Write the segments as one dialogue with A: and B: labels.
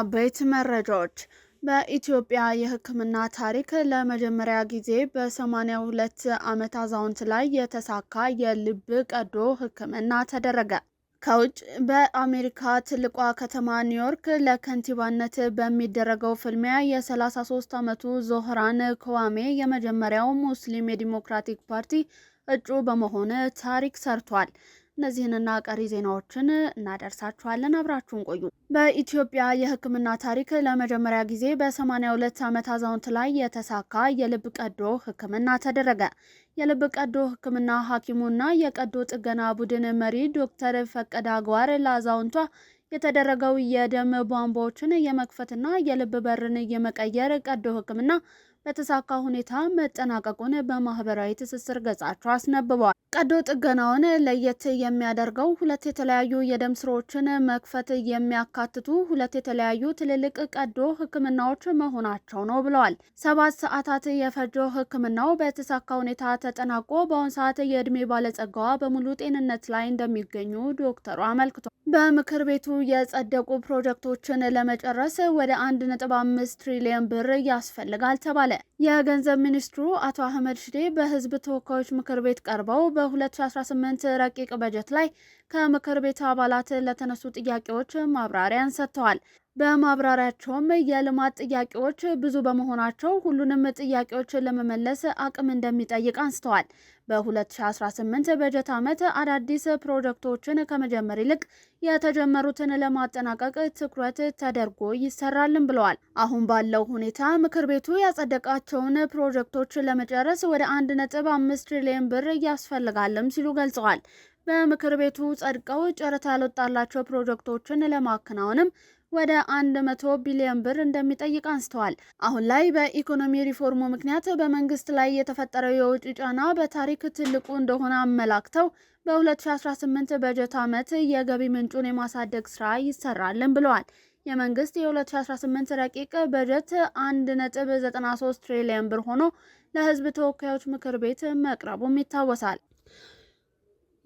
A: አበይት መረጃዎች በኢትዮጵያ የሕክምና ታሪክ ለመጀመሪያ ጊዜ በ82 ዓመት አዛውንት ላይ የተሳካ የልብ ቀዶ ሕክምና ተደረገ። ከውጭ በአሜሪካ ትልቋ ከተማ ኒውዮርክ ለከንቲባነት በሚደረገው ፍልሚያ የ33 ዓመቱ ዞህራን ክዋሜ የመጀመሪያው ሙስሊም የዲሞክራቲክ ፓርቲ እጩ በመሆን ታሪክ ሰርቷል። እነዚህንና ቀሪ ዜናዎችን እናደርሳችኋለን። አብራችሁን ቆዩ። በኢትዮጵያ የሕክምና ታሪክ ለመጀመሪያ ጊዜ በ82 ዓመት አዛውንት ላይ የተሳካ የልብ ቀዶ ሕክምና ተደረገ። የልብ ቀዶ ሕክምና ሐኪሙና የቀዶ ጥገና ቡድን መሪ ዶክተር ፈቀደ አግባር ለአዛውንቷ የተደረገው የደም ቧንቧዎችን የመክፈትና የልብ በርን የመቀየር ቀዶ ሕክምና በተሳካ ሁኔታ መጠናቀቁን በማህበራዊ ትስስር ገጻቸው አስነብበዋል። ቀዶ ጥገናውን ለየት የሚያደርገው ሁለት የተለያዩ የደም ስሮችን መክፈት የሚያካትቱ ሁለት የተለያዩ ትልልቅ ቀዶ ሕክምናዎች መሆናቸው ነው ብለዋል። ሰባት ሰዓታት የፈጀው ሕክምናው በተሳካ ሁኔታ ተጠናቆ በአሁኑ ሰዓት የእድሜ ባለጸጋዋ በሙሉ ጤንነት ላይ እንደሚገኙ ዶክተሩ አመልክቷል። በምክር ቤቱ የጸደቁ ፕሮጀክቶችን ለመጨረስ ወደ 1.5 ትሪሊዮን ብር ያስፈልጋል ተባለ። የገንዘብ ሚኒስትሩ አቶ አህመድ ሽዴ በህዝብ ተወካዮች ምክር ቤት ቀርበው በ2018 ረቂቅ በጀት ላይ ከምክር ቤት አባላት ለተነሱ ጥያቄዎች ማብራሪያን ሰጥተዋል። በማብራሪያቸውም የልማት ጥያቄዎች ብዙ በመሆናቸው ሁሉንም ጥያቄዎች ለመመለስ አቅም እንደሚጠይቅ አንስተዋል። በ2018 በጀት ዓመት አዳዲስ ፕሮጀክቶችን ከመጀመር ይልቅ የተጀመሩትን ለማጠናቀቅ ትኩረት ተደርጎ ይሰራልን ብለዋል። አሁን ባለው ሁኔታ ምክር ቤቱ ያጸደቃቸውን ፕሮጀክቶች ለመጨረስ ወደ 1.5 ትሪሊዮን ብር ያስፈልጋልም ሲሉ ገልጸዋል። በምክር ቤቱ ጸድቀው ጨረታ ያልወጣላቸው ፕሮጀክቶችን ለማከናወንም ወደ 100 ቢሊዮን ብር እንደሚጠይቅ አንስተዋል። አሁን ላይ በኢኮኖሚ ሪፎርሙ ምክንያት በመንግስት ላይ የተፈጠረው የውጭ ጫና በታሪክ ትልቁ እንደሆነ አመላክተው በ2018 በጀት ዓመት የገቢ ምንጩን የማሳደግ ስራ ይሰራልን ብለዋል። የመንግስት የ2018 ረቂቅ በጀት 1.93 ትሪሊዮን ብር ሆኖ ለህዝብ ተወካዮች ምክር ቤት መቅረቡም ይታወሳል።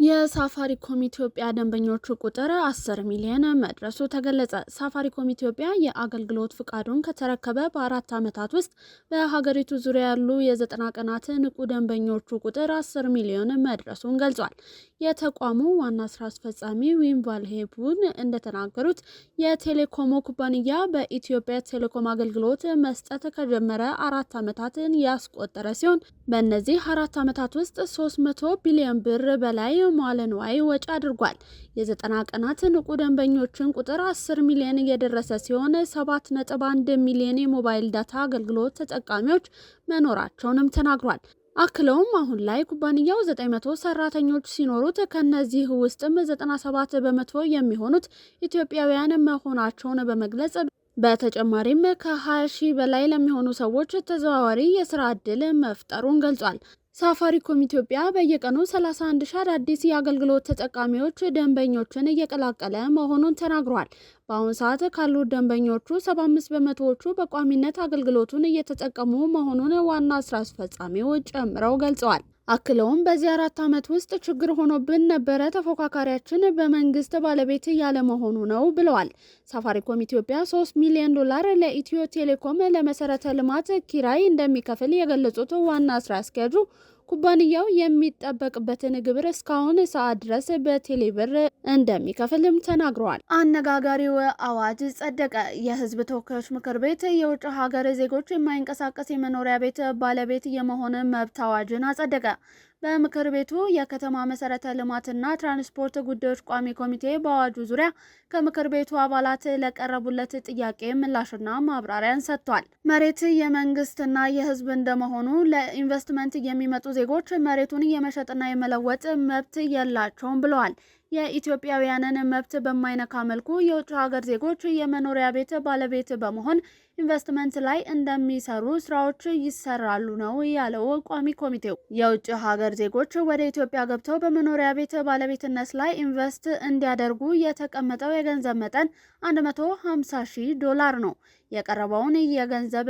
A: የሳፋሪኮም ኢትዮጵያ ደንበኞቹ ቁጥር 10 ሚሊዮን መድረሱ ተገለጸ። ሳፋሪኮም ኢትዮጵያ የአገልግሎት ፍቃዱን ከተረከበ በአራት ዓመታት ውስጥ በሀገሪቱ ዙሪያ ያሉ የዘጠና ቀናት ንቁ ደንበኞቹ ቁጥር 10 ሚሊዮን መድረሱን ገልጿል። የተቋሙ ዋና ስራ አስፈጻሚ ዊንቫልሄቡን እንደተናገሩት የቴሌኮሙ ኩባንያ በኢትዮጵያ ቴሌኮም አገልግሎት መስጠት ከጀመረ አራት ዓመታትን ያስቆጠረ ሲሆን በእነዚህ አራት ዓመታት ውስጥ 300 ቢሊዮን ብር በላይ መዋለ ንዋይ ወጪ አድርጓል። የዘጠና ቀናት ንቁ ደንበኞችን ቁጥር 10 ሚሊዮን የደረሰ ሲሆን 7.1 ሚሊዮን የሞባይል ዳታ አገልግሎት ተጠቃሚዎች መኖራቸውንም ተናግሯል። አክለውም አሁን ላይ ኩባንያው 900 ሰራተኞች ሲኖሩት ከነዚህ ውስጥም 97 በመቶ የሚሆኑት ኢትዮጵያውያን መሆናቸውን በመግለጽ በተጨማሪም ከ20 ሺህ በላይ ለሚሆኑ ሰዎች ተዘዋዋሪ የስራ ዕድል መፍጠሩን ገልጿል። ሳፋሪኮም ኢትዮጵያ በየቀኑ 31 ሺህ አዳዲስ የአገልግሎት ተጠቃሚዎች ደንበኞችን እየቀላቀለ መሆኑን ተናግሯል። በአሁኑ ሰዓት ካሉት ደንበኞቹ 75 በመቶዎቹ በቋሚነት አገልግሎቱን እየተጠቀሙ መሆኑን ዋና ስራ አስፈጻሚው ጨምረው ገልጸዋል። አክለውም በዚህ አራት ዓመት ውስጥ ችግር ሆኖብን ነበረ፣ ተፎካካሪያችን በመንግስት ባለቤት ያለመሆኑ ነው ብለዋል። ሳፋሪኮም ኢትዮጵያ 3 ሚሊዮን ዶላር ለኢትዮ ቴሌኮም ለመሰረተ ልማት ኪራይ እንደሚከፍል የገለጹት ዋና ስራ አስኪያጁ ኩባንያው የሚጠበቅበትን ግብር እስካሁን ሰዓት ድረስ በቴሌብር እንደሚከፍልም ተናግረዋል። አነጋጋሪው አዋጅ ጸደቀ። የህዝብ ተወካዮች ምክር ቤት የውጭ ሀገር ዜጎች የማይንቀሳቀስ የመኖሪያ ቤት ባለቤት የመሆን መብት አዋጅን አጸደቀ። በምክር ቤቱ የከተማ መሰረተ ልማትና ትራንስፖርት ጉዳዮች ቋሚ ኮሚቴ በአዋጁ ዙሪያ ከምክር ቤቱ አባላት ለቀረቡለት ጥያቄ ምላሽና ማብራሪያን ሰጥቷል። መሬት የመንግስትና የህዝብ እንደመሆኑ ለኢንቨስትመንት የሚመጡ ዜጎች መሬቱን የመሸጥና የመለወጥ መብት የላቸውም ብለዋል። የኢትዮጵያውያንን መብት በማይነካ መልኩ የውጭ ሀገር ዜጎች የመኖሪያ ቤት ባለቤት በመሆን ኢንቨስትመንት ላይ እንደሚሰሩ ስራዎች ይሰራሉ ነው ያለው ቋሚ ኮሚቴው። የውጭ ሀገር ዜጎች ወደ ኢትዮጵያ ገብተው በመኖሪያ ቤት ባለቤትነት ላይ ኢንቨስት እንዲያደርጉ የተቀመጠው የገንዘብ መጠን 150 ሺህ ዶላር ነው። የቀረበውን የገንዘብ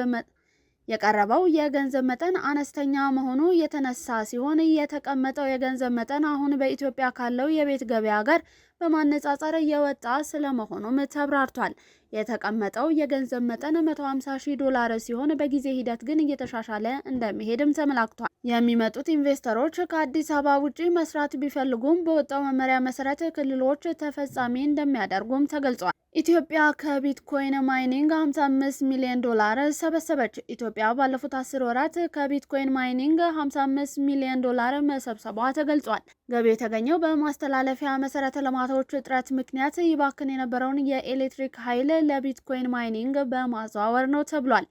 A: የቀረበው የገንዘብ መጠን አነስተኛ መሆኑ የተነሳ ሲሆን የተቀመጠው የገንዘብ መጠን አሁን በኢትዮጵያ ካለው የቤት ገበያ ጋር በማነጻጸር እየወጣ ስለመሆኑም ተብራርቷል። የተቀመጠው የገንዘብ መጠን 150 ሺህ ዶላር ሲሆን በጊዜ ሂደት ግን እየተሻሻለ እንደሚሄድም ተመላክቷል። የሚመጡት ኢንቨስተሮች ከአዲስ አበባ ውጪ መስራት ቢፈልጉም በወጣው መመሪያ መሰረት ክልሎች ተፈጻሚ እንደሚያደርጉም ተገልጿል። ኢትዮጵያ ከቢትኮይን ማይኒንግ 55 ሚሊዮን ዶላር ሰበሰበች። ኢትዮጵያ ባለፉት አስር ወራት ከቢትኮይን ማይኒንግ 55 ሚሊዮን ዶላር መሰብሰቧ ተገልጿል። ገቢ የተገኘው በማስተላለፊያ መሰረተ ልማቶች እጥረት ምክንያት ይባክን የነበረውን የኤሌክትሪክ ኃይል ለቢትኮይን ማይኒንግ በማዘዋወር ነው ተብሏል።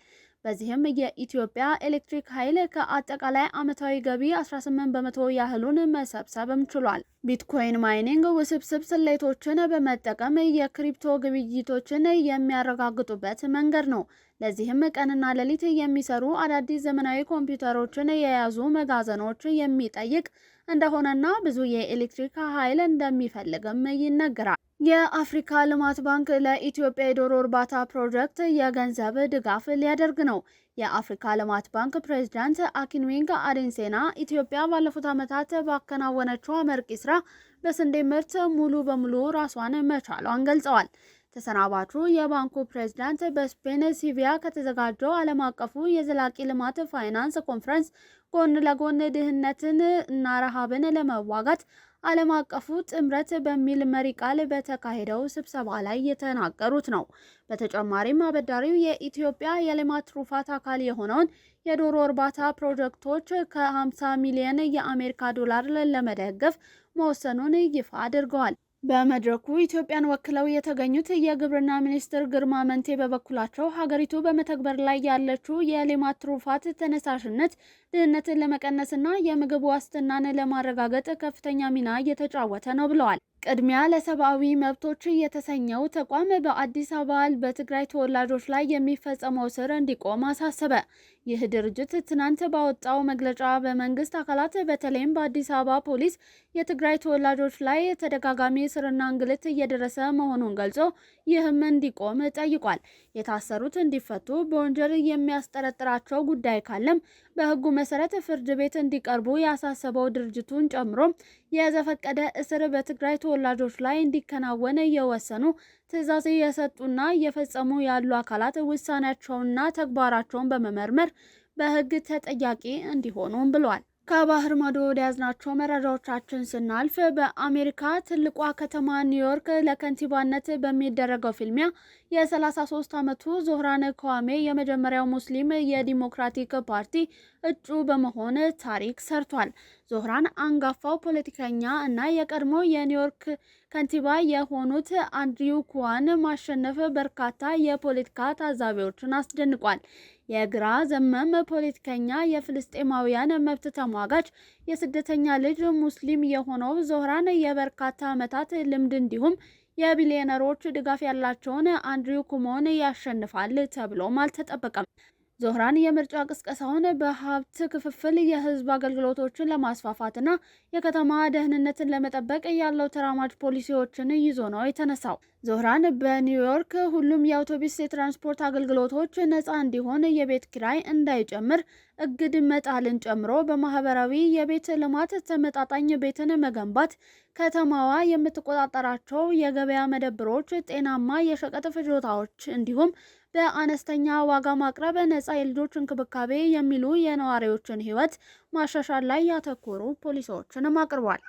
A: በዚህም የኢትዮጵያ ኤሌክትሪክ ኃይል ከአጠቃላይ ዓመታዊ ገቢ 18 በመቶ ያህሉን መሰብሰብም ችሏል። ቢትኮይን ማይኒንግ ውስብስብ ስሌቶችን በመጠቀም የክሪፕቶ ግብይቶችን የሚያረጋግጡበት መንገድ ነው። ለዚህም ቀንና ሌሊት የሚሰሩ አዳዲስ ዘመናዊ ኮምፒውተሮችን የያዙ መጋዘኖች የሚጠይቅ እንደሆነና ብዙ የኤሌክትሪክ ኃይል እንደሚፈልግም ይነገራል። የአፍሪካ ልማት ባንክ ለኢትዮጵያ የዶሮ እርባታ ፕሮጀክት የገንዘብ ድጋፍ ሊያደርግ ነው። የአፍሪካ ልማት ባንክ ፕሬዚዳንት አኪንዊንግ አዴንሴና ኢትዮጵያ ባለፉት ዓመታት ባከናወነችው አመርቂ ስራ በስንዴ ምርት ሙሉ በሙሉ ራሷን መቻሏን ገልጸዋል። ተሰናባቹ የባንኩ ፕሬዚዳንት በስፔን ሲቪያ ከተዘጋጀው ዓለም አቀፉ የዘላቂ ልማት ፋይናንስ ኮንፈረንስ ጎን ለጎን ድህነትን እና ረሃብን ለመዋጋት ዓለም አቀፉ ጥምረት በሚል መሪ ቃል በተካሄደው ስብሰባ ላይ የተናገሩት ነው። በተጨማሪም አበዳሪው የኢትዮጵያ የልማት ትሩፋት አካል የሆነውን የዶሮ እርባታ ፕሮጀክቶች ከ50 ሚሊዮን የአሜሪካ ዶላር ለመደገፍ መወሰኑን ይፋ አድርገዋል። በመድረኩ ኢትዮጵያን ወክለው የተገኙት የግብርና ሚኒስትር ግርማ መንቴ በበኩላቸው ሀገሪቱ በመተግበር ላይ ያለችው የሌማት ትሩፋት ተነሳሽነት ድህነትን ለመቀነስና የምግብ ዋስትናን ለማረጋገጥ ከፍተኛ ሚና እየተጫወተ ነው ብለዋል። ቅድሚያ ለሰብአዊ መብቶች የተሰኘው ተቋም በአዲስ አበባ በትግራይ ተወላጆች ላይ የሚፈጸመው ስር እንዲቆም አሳሰበ። ይህ ድርጅት ትናንት ባወጣው መግለጫ በመንግስት አካላት በተለይም በአዲስ አበባ ፖሊስ የትግራይ ተወላጆች ላይ ተደጋጋሚ ስርና እንግልት እየደረሰ መሆኑን ገልጾ ይህም እንዲቆም ጠይቋል። የታሰሩት እንዲፈቱ፣ በወንጀል የሚያስጠረጥራቸው ጉዳይ ካለም በህጉ መሰረት ፍርድ ቤት እንዲቀርቡ ያሳሰበው ድርጅቱን ጨምሮ የዘፈቀደ እስር በትግራይ ተወላጆች ላይ እንዲከናወን እየወሰኑ ትዕዛዝ እየሰጡና እየፈጸሙ ያሉ አካላት ውሳኔያቸውንና ተግባራቸውን በመመርመር በሕግ ተጠያቂ እንዲሆኑም ብሏል። ከባህር ማዶ ያዝናቸው መረጃዎቻችን ስናልፍ በአሜሪካ ትልቋ ከተማ ኒውዮርክ ለከንቲባነት በሚደረገው ፊልሚያ የ33 ዓመቱ ዞህራን ከዋሜ የመጀመሪያው ሙስሊም የዲሞክራቲክ ፓርቲ እጩ በመሆን ታሪክ ሰርቷል። ዞህራን አንጋፋው ፖለቲከኛ እና የቀድሞ የኒውዮርክ ከንቲባ የሆኑት አንድሪው ኩዋን ማሸነፍ በርካታ የፖለቲካ ታዛቢዎችን አስደንቋል። የግራ ዘመም ፖለቲከኛ፣ የፍልስጤማውያን መብት ተሟጋች፣ የስደተኛ ልጅ ሙስሊም የሆነው ዞህራን የበርካታ ዓመታት ልምድ እንዲሁም የቢሊዮነሮች ድጋፍ ያላቸውን አንድሪው ኩሞን ያሸንፋል ተብሎም አልተጠበቀም። ዞህራን የምርጫ ቅስቀሳውን በሀብት ክፍፍል የህዝብ አገልግሎቶችን ለማስፋፋትና የከተማ ደህንነትን ለመጠበቅ ያለው ተራማጅ ፖሊሲዎችን ይዞ ነው የተነሳው። ዞህራን በኒውዮርክ ሁሉም የአውቶቡስ የትራንስፖርት አገልግሎቶች ነፃ እንዲሆን፣ የቤት ኪራይ እንዳይጨምር እግድ መጣልን ጨምሮ በማህበራዊ የቤት ልማት ተመጣጣኝ ቤትን መገንባት፣ ከተማዋ የምትቆጣጠራቸው የገበያ መደብሮች ጤናማ የሸቀጥ ፍጆታዎች እንዲሁም በአነስተኛ ዋጋ ማቅረብ፣ ነጻ የልጆች እንክብካቤ የሚሉ የነዋሪዎችን ህይወት ማሻሻል ላይ ያተኮሩ ፖሊሲዎችንም አቅርቧል።